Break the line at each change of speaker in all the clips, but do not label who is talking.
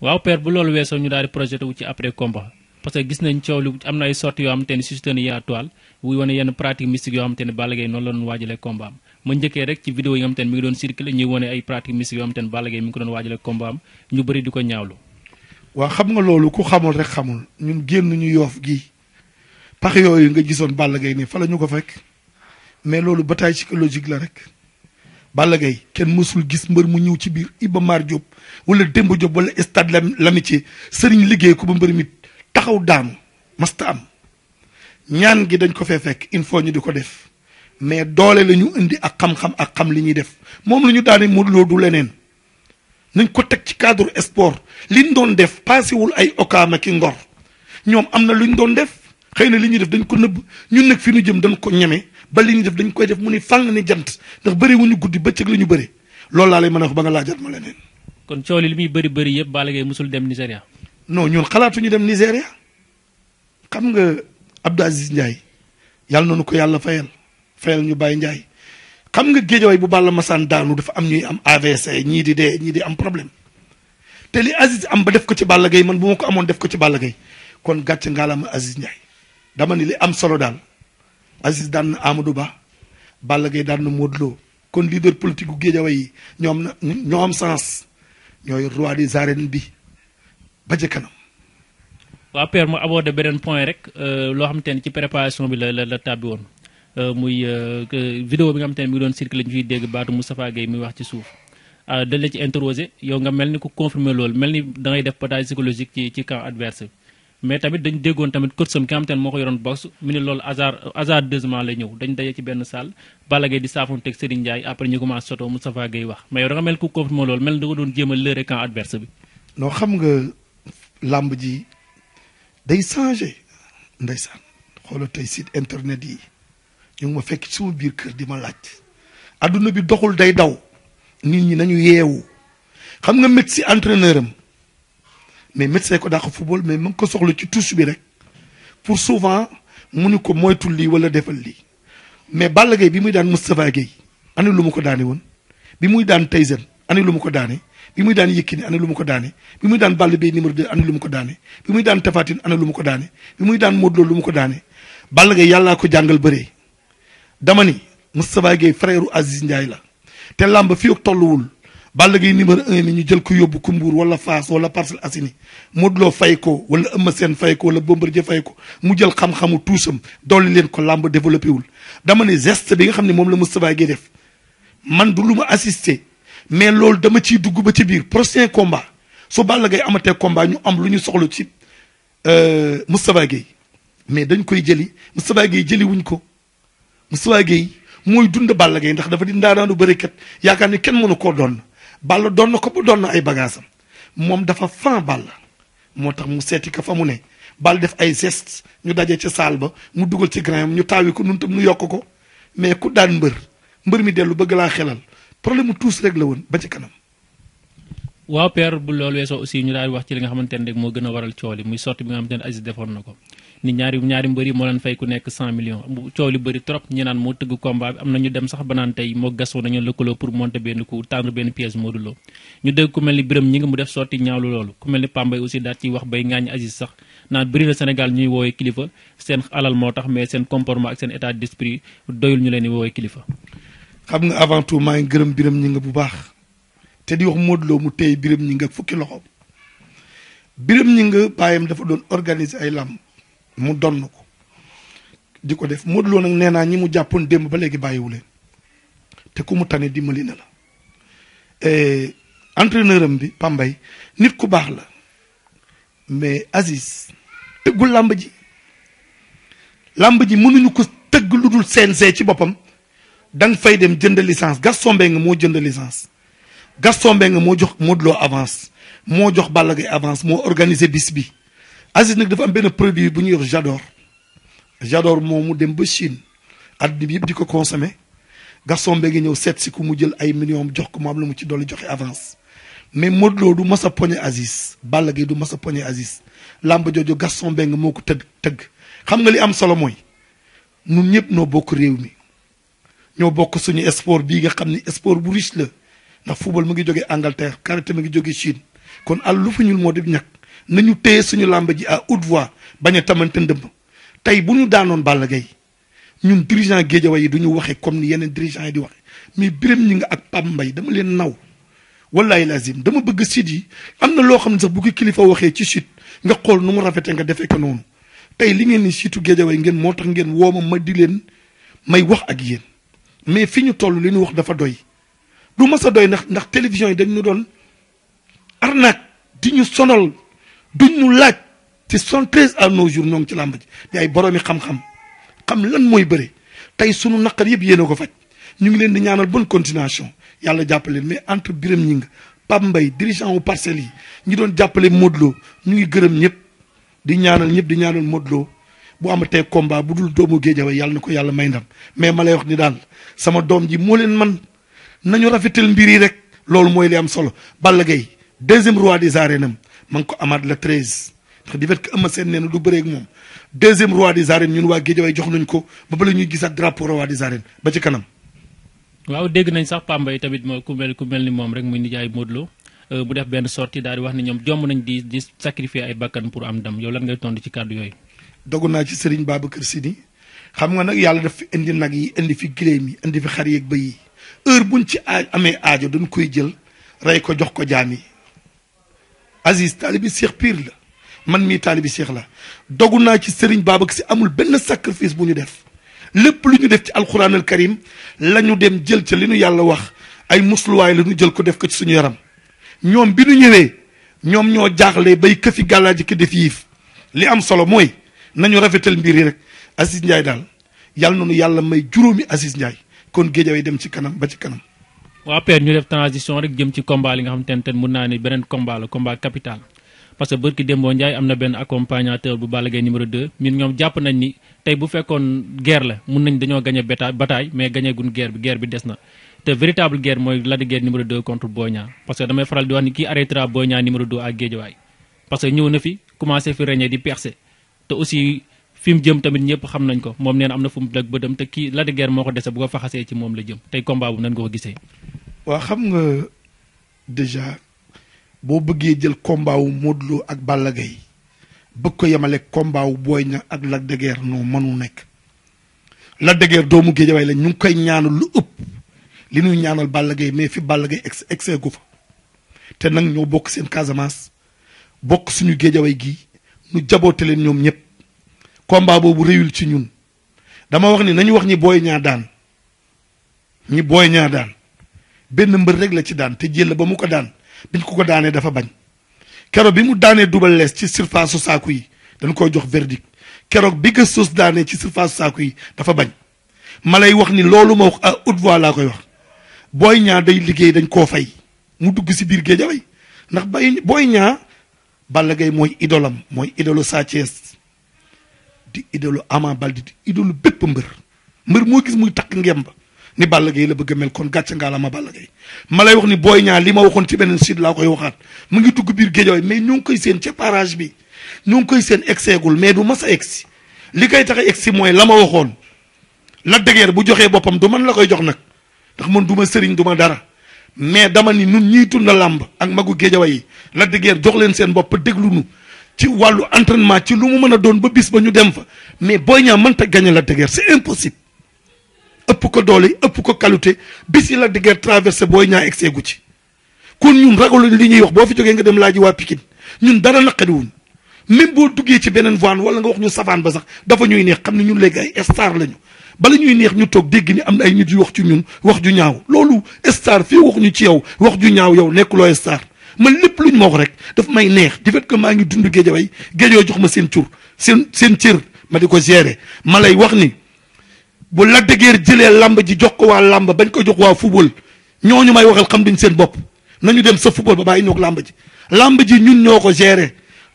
waaw père bu loolu weesoo ñu daal di projeté wu ci après combat parce que gis nañ coow lu am na ay sorties yoo xam te ne susitene yi wuy wane yenn pratique mystique yoo xam am ma njëkkee rek nga xam te ne mi ngi doon circulé ñuy xam te ne
Balla Gaye am ñu bëri di ko ñaawlu waaw xam nga loolu ku xamul rek xamul ñun génn ñu yoof gi pax yooyu nga gisoon Balla Gaye nii fa la ko fekk mais loolu ba bataille psychologique la rek Balla kenn mësul gis mbër mu ñëw ci biir Iba Mar Diop wala Demba Diop wala stade ci sëriñ liggéey ko ba mbër mi taxaw daanu masta am ñaan gi dañ ko fee fekk il faut ñu di ko def mais doole la ñu indi ak xam-xam ak xam li ñuy def moom la ñu daane Modou Lo du leneen nañ ko teg ci cadre li ñu doon def paasewul ay okaama ki ngor ñoom am na lu luñ doon def xëy na li ñuy def dañ ko nëbb ñun nag fi ñu jëm dañ ko ñeme ba li ñuy def dañ koy def mu ni fàng ni jant ndax bëri wu guddi bëccëg la ñu bëri loolu laa lay mën a wax ba ma leneen.
kon coow li muy bëri bëri yëpp Balla Gaye dem Nigéria.
non ñun xalaatuñu dem Nigéria xam nga Abdou Aziz Ndiaye yàlla na ko yàlla fayal fayal ñu bàyyi Ndiaye xam nga géejawaay bu Balla Masaan daanu dafa am ñuy am AVC ñii di dee ñii di am problème te li Aziz am ba def ko ci Balla Gaye man bu ma ko amoon def ko ci bàlla Gaye kon gàcce ngaalama Aziz Ndiaye dama ni li am solo daal Aziz daan na Amadou Ba Balla Gaye daan na Modou kon leader politique gu Guédiawaye yi ñoom na ñoo am sens ñooy roi des arènes bi ba ca kanam.
waaw Père mu abordé beneen point rek euh, loo xamante ne ci préparation bi la la la tàbbi woon euh, muy euh, vidéo bi nga xamante ne mi ngi doon circulé ñu fiy dégg baatu Moustapha Gueye muy wax ci suuf. Ah, dañ la ci interroger yow nga mel ni ku confirmer loolu mel ni da def bataille psychologique ci ci camp adverse mais tamit dañ déggoon tamit coach sam ki nga xam te ne moo ko yoroon box mu ne loolu hasard hasardeusement la ñëw dañ daje ci benn salle Balla Gaye di saafoonteeg Serigne Ndiaye après ñu commencé soto Moustapha Gueye wax mais yow nga mel ku ko moo loolu mel
da nga doon jéem a lëre camp adverse bi non xam nga làmb ji day changé ndeysaan xoolal tey site internet yi ñu ngi ma fekk suma biir kër di ma laaj adduna bi doxul day daw nit ñi nañu yeewu xam nga médecin entraîneur am mais médecin ko dàq football mais mu ngi ko soxla ci touche bi rek pour souvent munu ko moytul lii wala defal lii mais Balla Gaye bi muy daan Moustapha Gueye ana lu mu ko daane woon bi muy daan Tyson ana lu mu ko daane bi muy daan Yékini ana lu mu ko daane bi muy daan Balla Gaye numéro 2 lu mu ko daane bi muy daan Tapha Tine ana lu mu ko daane bi muy daan Modou Lo ko daane Balla Gaye yàllaa ko jàngal bëree dama ni Moustapha Gueye frère Aziz Ndiaye la te làmb fii ak tolluwul Balla Gaye numéro un ni ñu jël ko yóbbu ko Mbuur wala Faas wala Parcelles Assainies Modou Lo fay ko wala Eumeu seen fay ko wala Bombardier fay ko mu jël xam-xamu tuusam dolli leen ko làmb développé wul dama ne geste bi nga xam ne moom la Moustapha Guèye def man du lu ma assisté mais loolu dama ciy dugg ba ci biir prochain combat su Balla Gaye amatee combat ñu am lu ñu soxla ci euh, Moustapha Guèye mais dañ koy jëli Moustapha Guèye jëli wuñ ko Moustapha Guèye mooy dund Balla Gaye ndax dafa di ndaanaanu bërekat yaakaar ni kenn mënu koo doon Balla doon na ko bu doon na ay bagaasam moom dafa fan Balla moo tax mu seeti ko fa mu ne Balla def ay gestes ñu daje ca saal ba mu dugal ci grain ñu taawi ko nun tam ñu yokk ko mais ku daan mbër mbër mi dellu bëgg laa xelal problème mu tuus rek la woon ba ci kanam.
waaw père bu loolu weesoo aussi ñu daal wax ci li nga xamante ne rek moo gën a waral coow li muy sorti bi nga xamante ne defoon na ko. ni ñaari ñaari mbeuri mo lan fay ku nek 100 millions coow li trop ñi nan mo teug combat bi amna ñu dem sax banan tay mo gasso nañu lekkolo pour monter ben coup tendre ben pièce modulo Lo ñu deug ku melni ni ñi nga mu def sorti ñaawlu lolu ku melni Pambay aussi daal ci wax bay ngaañ Aziz sax na bëri le senegal ñuy woowee kilifa sen alal moo mais sen comportement ak sen état d'esprit doyul ñu
leni kilifa xam nga avant tout ma ngi gërem ñi nga bu baax te di wax modulo Lo mu tey Birame ñi nga fukki loxo Birame ñi nga bayam dafa doon organiser ay lamb mu donn ko di ko def Modou Lo nag nee naa ñi mu jàppoon démb ba léegi bàyyiwu leen te ku mu tane dimbali na la e, entraîneur am bi Pambay nit ku baax la mais Aziz tëggul làmb ji làmb ji mënuñu ko tëgg lu dul CNG ci boppam da nga fay dem jënd licence Gaston nga moo jënd licence Gaston Mbengue moo jox Modou Lo avance moo jox Balla Gaye avance moo organiser bis bi Aziz nag dafa am benn produit bu ñuy wax Jador Jador mu dem ba Chine àddina bi yëpp di ko consommé garçon bee ngi ñëw seet si ko mu jël ay millions jox ko mu am lu mu ci dolli joxe avance mais Modou Lo du mas a poñe Aziz Balla du mas a poñe Aziz làmb jooju Gaston Mbengue moo ko tëgg tëgg xam nga li am solo mooy nun ñëpp noo bokk réew mi ñoo bokk suñu sport bii nga xam ni sport bu riche la ndax football mu ngi jógee Angleterre karaté mu ngi jógee Chine kon àll lu fa moo di ñàkk nañu téye suñu làmb ji à haute voix bañ a tamante ndëmb tey bu ñu daanoon Balla Gaye ñun dirigeant Guédiawaye yi du ñu waxee comme ni yeneen dirigeant yi di waxee mais Birame ñi nga ak Pape Mbaye dama leen naw wallahi lazim dama bëgg site yi am na loo xam ne sax bu kilifa waxee ci site nga xool nu mu rafetee nga defee ko noonu tey li ngeen ni siitu Guédiawaye ngeen moo tax ngeen woo ma ma di leen may wax ak yéen mais fi ñu toll li ñu wax dafa doy du mas a doy ndax ndax télévision yi dañu doon arnaque di ñu sonal. du nu laaj te soixante-treize à nos jours ñoo ngi ci làmb ji di ay boroomi xam-xam xam lan mooy bëre tey sunu naqar yëpp yéen ko faj ñu ngi leen di ñaanal bonne continuation yàlla jàppale mais entre biram ñi nga Pape Mbaye dirigeant wu parcelles yi ñi doon jàppale Modou ñu ngi gërëm ñëpp di ñaanal ñëpp di ñaanal Modou Lo am amatee combat bu dul doomu Géejawaay yàlla na ko yàlla may ndam mais ma lay wax ni daal sama doom ji moo leen man nañu rafetal mbir yi rek loolu mooy li am solo Balla Gaye deuxième roi des arènes ma ngi ko amaat le treize. ndax di fekk Eumeu Sène nee na lu bëree ak moom deuxième roi des arènes ñun waa Guédiawaye jox nañ ko ba bala ñuy gisaat drapeau roi des arènes ba ci kanam.
waaw dégg nañ sax yi tamit moo ku mel ku mel ni moom rek muy nijaay Modou Lo mu euh, def benn sortie daal di wax ne ñoom jomb nañ di di sacrifier ay bakkan pour am ndam yow lan ngay tontu ci
kàddu yooyu. dogu naa ci Serigne Babacar Sini xam nga nag yàlla def fi indi nag yi indi fi gileem yi indi fi xar yeeg bëy yi heure buñ ci amee aajo dañ koy jël rey ko jox ko jaam yi Aziz taalibi Seex Pire la man mii taalibi Seex la dogu naa ci Serigne Babacar Sy amul benn sacrifice bu ñu def lépp lu ñu def ci alquranal karim la ñu dem jël ca li ñu yàlla wax ay musluwaay la ñu jël ko def ko ci suñu yaram ñoom bi ñu ñëwee ñoom ñoo jaaxle bay këfi gàllaaji ki def yiif li am solo mooy nañu rafetal mbir yi rek Aziz Ndiaye daal yàlla na nu yàlla may juróomi Aziz Ndiaye kon géejawee dem ci kanam ba ci kanam.
waa père ñu def transition rek jëm ci combat li nga xam te ne mun naa ne beneen combat la combat capital bërki Dembo Ndiaye am na benn accompagnateur bu Balla Gaye numéro 2 ñun ñoom jàpp nañ ni tey bu fekkoon guerre la mun nañ dañoo gagné bétail mais gagné gun guerre bi guerre bi des na. te véritable guerre mooy Lac de Guiers numéro contre Boy Niang damay faral di wax ni kii arrêtera Boy Niang numéro ak Guédiawaye parce ñëw na fi commencé fi régner di percer fi mu jëm tamit ñëpp xam nañ ko moom neen am na fu mu dëgg bëtam te kii Lac de Guiers moo ko dese bu ko faxasee ci moom la jëm tey combat bu nan nga ko gisee.
waaw xam nga déjà boo bëggee jël combat wu Modou ak Balla Gaye bëgg ko yemale combat booy Boy ak Lac de Guiers noo mënu nekk. Lac de doomu Guédiawaye la ñu ngi koy ñaanu lu ëpp li nuy ñaanal Balla Gaye mais fi Balla Gaye ex excès fa te nag ñoo bokk seen Casamance bokk suñu Guédiawaye gii ñu jaboote leen ñoom ñëpp. combat boobu réyul ci ñun dama wax ni nañu wax ñi booy ñaa daan ñi booy ñaa daan benn mbër rek la ci daan te jël ba mu ko daan biñ ko ko daanee dafa bañ keroog bi mu daanee Double Less ci surface su saaku yi dañ koy jox verdict keroog bi Gëstoos daanee ci surface su yi dafa bañ ma lay wax ni loolu ma wax à haute voix laa koy wax booy ñaa day liggéey dañ koo fay mu dugg si biir géejaway ndax bay booy ñaa Balla Gaye mooy idolam mooy idolu Sa Thiès di idolu ama bal di idolu bepp mbeur mbeur mo gis muy ngem ba ni Balla gay la bëgg mel kon gàcce nga la ma Balla gay malay wax ni Boy Niang lima waxon ci benen site la koy waxat mu ngi dugg bir géejawaay mais ñoo ngi koy seen ci parage bi ñoo ngi koy seen exégul mais du mas a egsi li koy taxé ex moy lama waxon la dëgër bu joxé bopam du man la koy jox nak ndax man duma sëriñ dara mais dama ni nun ñi tunda lamb ak magu géejawaay yi la dëgër jox leen seen bop nu ci wàllu entrenement ci lu mu mën a doon ba bis ba ñu dem fa mais Boy Niang mënta gagné Lac de Guiers c'est impossible ëpp ko doole ëpp ko qualité bis yi Lac de Guiers traversé Boy Niang egsee gu ci kon ñun ragaluñ li ñuy wax boo fi jógee nga dem laaji waa Pikine ñun dara wuñ même boo duggee ci beneen voie wala nga wax ñu safaan ba sax dafa ñuy neex xam ne ñun léegi ay star lañu bala ñuy neex ñu toog dégg ni am na ay nit yu wax ci ñun wax ju ñaaw loolu star fii waxuñu ci yow wax ju ñaaw yow nekkuloo star man lépp lu luñ ma wax rek daf may neex du fait que maa ngi dund géejaway géejoo jox ma seen cur seen seen cër ma di ko gere ma lay wax ni bu la dëgër jëlee làmb ji jox ko waa làmb bañ ko jox waa football ñu may waxal xam duñ seen bopp nañu dem sa football ba bàyyi ñoog làmb ji làmb ji ñun ñoo ko gérer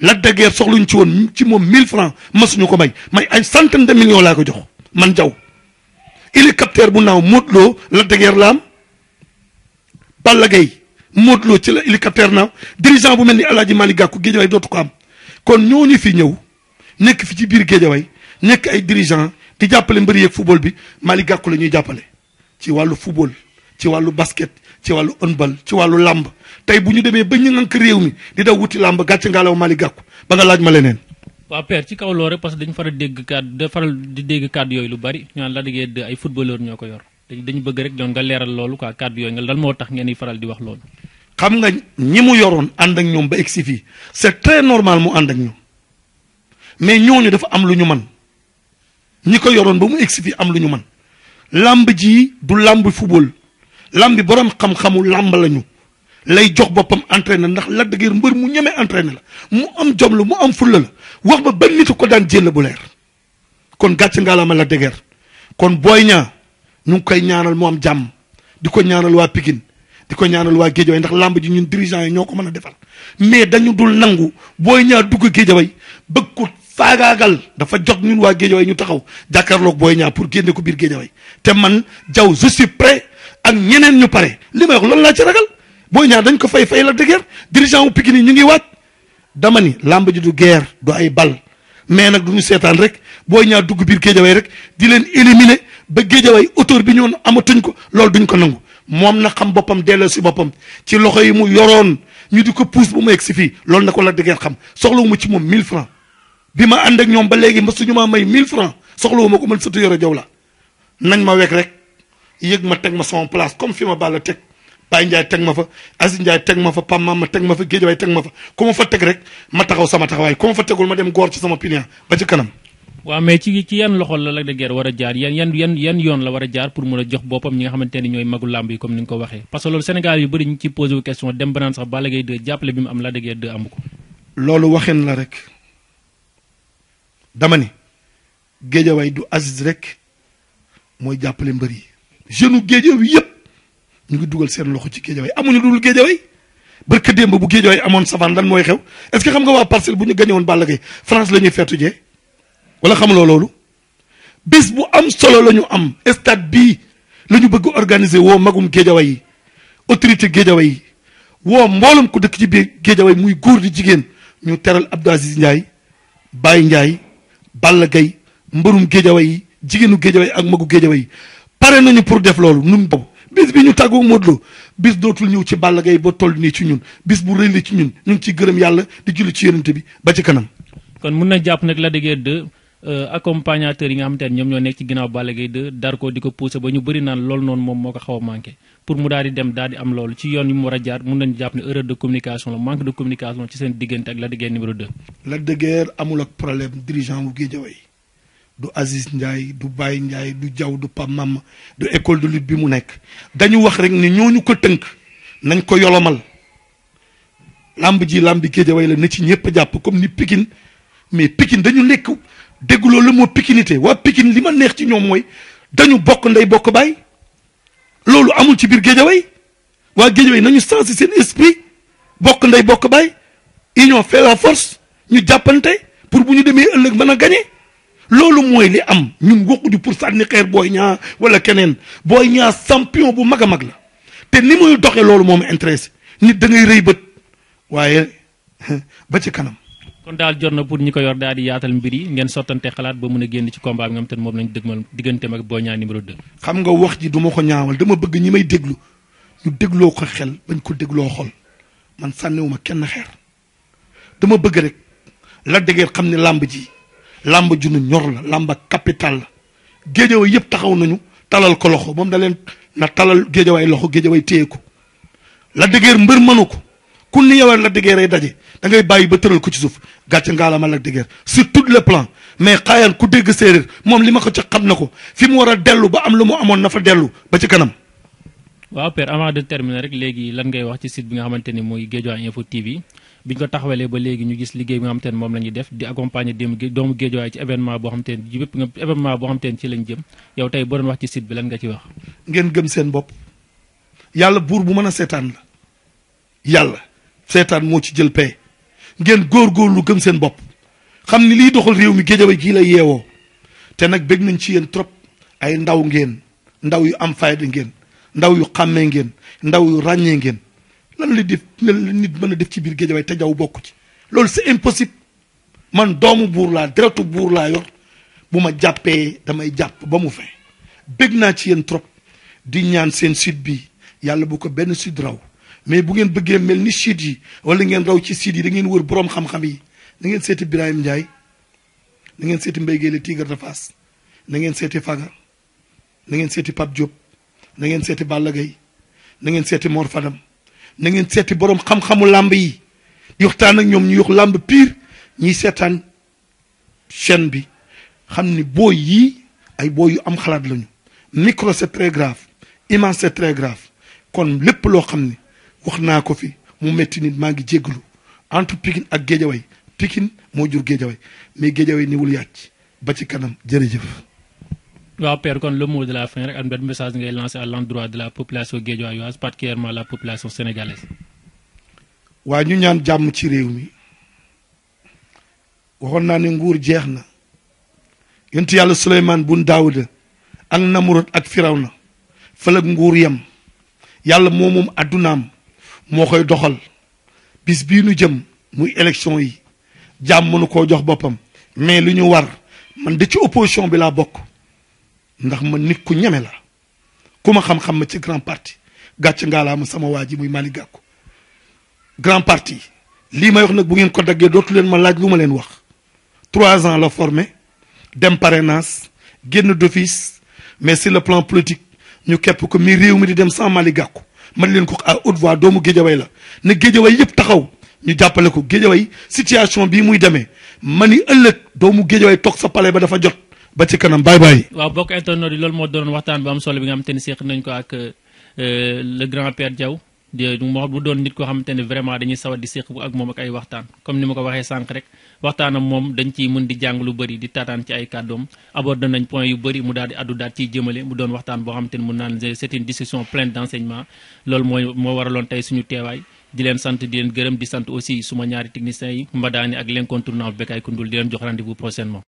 la dëgër soxluñ ci woon ci moom mille francs masuñu ko may may ay centaine de millions laa ko jox man jaw hélicoptère bu naaw Modou Lo la dëgër laam Balla modlo ci la hélicoptère naaw dirigeant bu melni ni alaaji Malick Gakou géejawaay ko am kon ñooñu fi ñew nek fi ci bir géejawaay nek ay dirigeant di jàppale mbeur yeeg football bi maliga Gakou la ñuy ci walu football ci walu basket ci walu handball ci walu lamb tay bu ñu demee ba ñu réew mi di daw wuti lamba gàcce ngaalaw maliga Gakou ba nga laaj ma leneen
wa père ci kaw loolu parce que dañu fara dégg de faral di dégg yoy lu bari ñaan la déggee ay footballeur ñoko ko yor dañu bëgg rek doon nga leeral loolu quoi kàddu yoy nga lan mo tax ngeen faral di wax loolu
xam nga ñi mu yoroon ànd ak ñoom ba egsi fii c'est très normal mu ànd ak ñoom mais ñooñu dafa am lu ñu man ñi ko yoroon ba mu egsi fii am lu ñu man lamb ji du lamb football lamb borom xam-xamu lamb lañu lay jox boppam entraîner ndax la dëgër mbër mu ñeme entraîner la mu am jomlu mu am fulla la wax ba ban nit ko daan jël bu leer kon gàcc ngaalama la dëgër kon booy ñaa ñu ngi koy ñaanal mu am jam, di ko ñaanal waa Pikine di ko ñaanal waa géejawaay ndax làmb ji ñun dirigeant yi ñoo ko mën a defar mais dañu dul nangu booy ñaar dugg géejawaay bëgg ko faagaagal dafa jot ñun waa géejawaay ñu taxaw jàkkaarloog booy ñaa pour génne ko biir géejawaay te man jaw je suis ak ñeneen ñu pare li may wax loolu laa ci ragal booy ñaar dañ ko fay fay la dëgër dirigeant wu Pikine ñu ngi waat dama ni làmb ji du geer du ay bal mais nag du ñu seetaan rek booy ñaar dugg biir géejawaay rek di leen éliminer ba géejawaay auteur bi ñoon amatuñ ko loolu duñ ko nangu moom na xam boppam delloo si boppam ci loxo yi mu yoroon ñu di ko pousse ba mu egg si fii loolu na ko la dëggeen xam soxlawu ma ci moom 1000 francs bi ma ànd ak ñoom ba léegi ma suñu maa may 1000 francs soxlawu ma ko man sëtu yoro jaw la nañ ma wekk rek yëg ma teg ma sama place comme fi ma bàlla teg Baye Ndiaye teg ma fa Aziz Ndiaye teg ma fa Pam ma teg ma fa Géejawaay teg ma fa ku ma fa teg rek ma taxaw sama taxawaay ku fa tegul ma dem goor ci sama pilier ba ci
waaw mais ci ci yan loxo la Lac de Guiers war a jaar yan yan yan yoon la war a jaar pour mën a jox boppam ñi nga xamante ne ñooy magu làmb yi comme ni nga ko waxee parce que loolu Sénégal yu bëri ñu ci posé wu question dem ba sax
Balla Gaye 2 jàppale bi mu am Lac de Guiers amu ko. loolu waxin la rek dama ne géejawaay du Aziz rek mooy jàppale mbër yi jeune géejawaay yëpp ñu ngi dugal seen loxo ci géejawaay amuñu dul géejawaay barka démb bu géejawaay amoon savane lan mooy xew est-ce que xam nga waa parcelle bu ñu gañe woon Balla Gaye France feetu jee xam loo loolu bés bu am solo la ñu am stade bi la ñu bëgg organiser woo magum géejawaay yi autorité géejawaay yi woo mboolum ku dëkk ci biir géejawaay muy góor di jigéen ñu teral Abdou Aziz Ndiaye Baye Ndiaye Balla Gaye mbërum géejawaay yi jigéenu géejawaay ak magu géejawaay yi pare nañu pour def loolu nun boobu bis bi ñu tàggoo Modou Lo bis dootul ñëw ci Balla Gaye ba toll nii ci ñun bis bu rëy la ci ñun ñu ngi ciy gërëm yàlla di julli ci yonent bi ba ci kanam
kon Euh, accompagnateurs yi nga xamante ne ñoom ñoo nekk ci ginnaaw Balla Gaye 2 dar ko di ko poussé ba ñu bëri naan loolu noonu moom moo ko xaw a manqué pour mu daal di dem daal am loolu ci yoon yi mu war a jaar mun nañu jàpp ne erreur de communication la manque de communication ci seen diggante ak Lac de Guiers numéro 2.
Lac de Guiers amul ak problème dirigeant wu Guédiawaye du Aziz Ndiaye du Baye Ndiaye du jaw du Pam Mam du école de lutte bi mu nekk dañu wax rek ne ñooñu ko tënk nañ ko yolomal làmb ji làmb Guédiawaye la na ci ñëpp jàpp comme ni Pikine mais Pikine dañu nekk. dégg loolu moo pikinité waa pikin li ma neex ci ñoom mooy dañu bokk ndey bokk baay loolu amul ci biir géejaway waa géejaway nañu sensi seen esprit bokk ndey bokk baay union fait la force ñu jàppante pour bu ñu demee ëllëg mën a gañe loolu mooy li am ñun waxuñu pour sànni xeer booy ñaa wala keneen booy ñaa champion bu mag a mag la te ni muy doxee loolu moom intéressé nit da ngay rëy bët waaye ba ci kanam
kon daal jot na pour ñi ko yor daal di yaatal mbir yi ngeen sottante xalaat ba mën a génn ci combat bi nga xam te ne moom lañ dëgmal digganteem ak
xam nga wax ji du ma ko ñaawal dama bëgg ñi may déglu ñu dégloo ko xel bañ ko dégloo xol man sànniwuma kenn xeer dama bëgg rek la dégeer xam ne làmb ji làmb ju nu ñor la làmb capital la géejawaay yëpp taxaw nañu talal ko loxo moom da leen na talal géejawaay loxo géejawaay téye ko la dégeer mbër mënu ko. ku ni yow Lac de Guiers ay daje da ngay bàyyi ba tëral ko ci suuf gàcce ngaalama Lac de Guiers sur tout le plan mais xaayaan ku dégg séeréer moom li ma ko ca xam na ko fi mu war a dellu ba am lu mu amoon na fa dellu ba ci kanam.
waaw père avant de terminer rek léegi lan ngay wax ci site bi nga xamante ni mooy Guédiawaye Info TV bi ñu ko taxawalee ba léegi ñu gis liggéey bi nga xamante ne moom la ñuy def di accompagner démb doomu Guédiawaye ci événement boo xamante ni bépp événement boo xamante ni ci lañ jëm yow tey boo doon wax bi nga ci wax.
ngeen gëm seen bopp buur bu mën a seetaan yàlla. seetaan moo ci jël paie ngeen lu gëm seen bopp xam ni lii doxal réew mi géejaway kii la yeewoo te nag bég nañ ci yéen trop ay ndaw ngeen ndaw yu am fayda ngeen ndaw yu xàmmee ngeen ndaw yu ràññee ngeen lan la def nit mën a def ci biir géejaway te jaw bokk ci loolu c'est impossible man doomu buur laa deretu buur laa yor bu ma jàppee damay jàpp ba mu fin bég naa ci yéen trop di ñaan seen sud bi yàlla bu ko benn sud raw mais bu ngeen bëggee mel ni siit yi wala ngeen raw ci siit yi da ngeen wër boroom xam-xam yi da ngeen seeti Birahim Ndiaye na ngeen seeti Mbaye Guèye le Tigre de na ngeen seeti Faga na ngeen seeti Pape Diop na ngeen seeti Balla Gaye na ngeen seeti Mor Fadam da ngeen seeti boroom xam-xamu làmb yi di waxtaan ak ñoom ñu yox lamb pire ñi seetaan chaîne bi xam ni booy yii ay booy yu am xalaat lañu micro c'est très grave image c'est kon lépp loo xam ni wax naa ko fi mu metti maa ngi jégalu entre ak Géejawaay Pikine moo jur Géejawaay mais Géejawaay niwul yàcc ba ci kanam jërëjëf.
waaw kon le mot la fin message ngay lancé à de la population guédiawayoise particulièrement la population sénégalaise.
waa ñu ñaan jàmm ci réew mi waxoon naa ni nguur jeex na yonent yàlla Souleymane bun Daawuda ak Namrud ak Firawna fële nguur yam yàlla moo moom addunaam Je suis doxal bis bii jëm muy élection yi mon jox mais luñu war man opposition bi la bok ndax man nit ku la xam-xam ci grand parti Je suis sama grand parti li may wax nak bu ngeen ko un dootu leen ma trois ans la formé dem parrainage d'office mais sur le plan politique nous képp ko mi mi di dem man leen ko à haute voix doomu géejawaay la na géejawaay yëpp taxaw ñu jàppale ko géejawaay situation bii muy demee ma ni ëllëg doomu géejawaay toog sa palais ba dafa jot ba ci kanam baay bàyyi.
waaw boo bokk internet yi loolu moo doon waxtaan bi am solo bi nga xam te ni nañ ko ak euh, le grand père Diaw. moo bu doon nit koo xamante ne vraiment dañuy sawat di séq ak moom ak ay waxtaan comme ni ma ko waxee sànq rek waxtaanam moom dañ ciy mën di jàng lu bëri di taataan ci ay kàddoom abordé nañ point yu bëri mu daal di addu daal ciy jëmale mu doon waxtaan boo xamante ne mun naan c'est une discussion pleine d'enseignement loolu mooy moo waraloon tey suñu teewaay di leen sant di leen gërëm di sant aussi suma ñaari techniciens yi Mbadaani ak l'incontournable Bekay Koundoul di leen jox rendez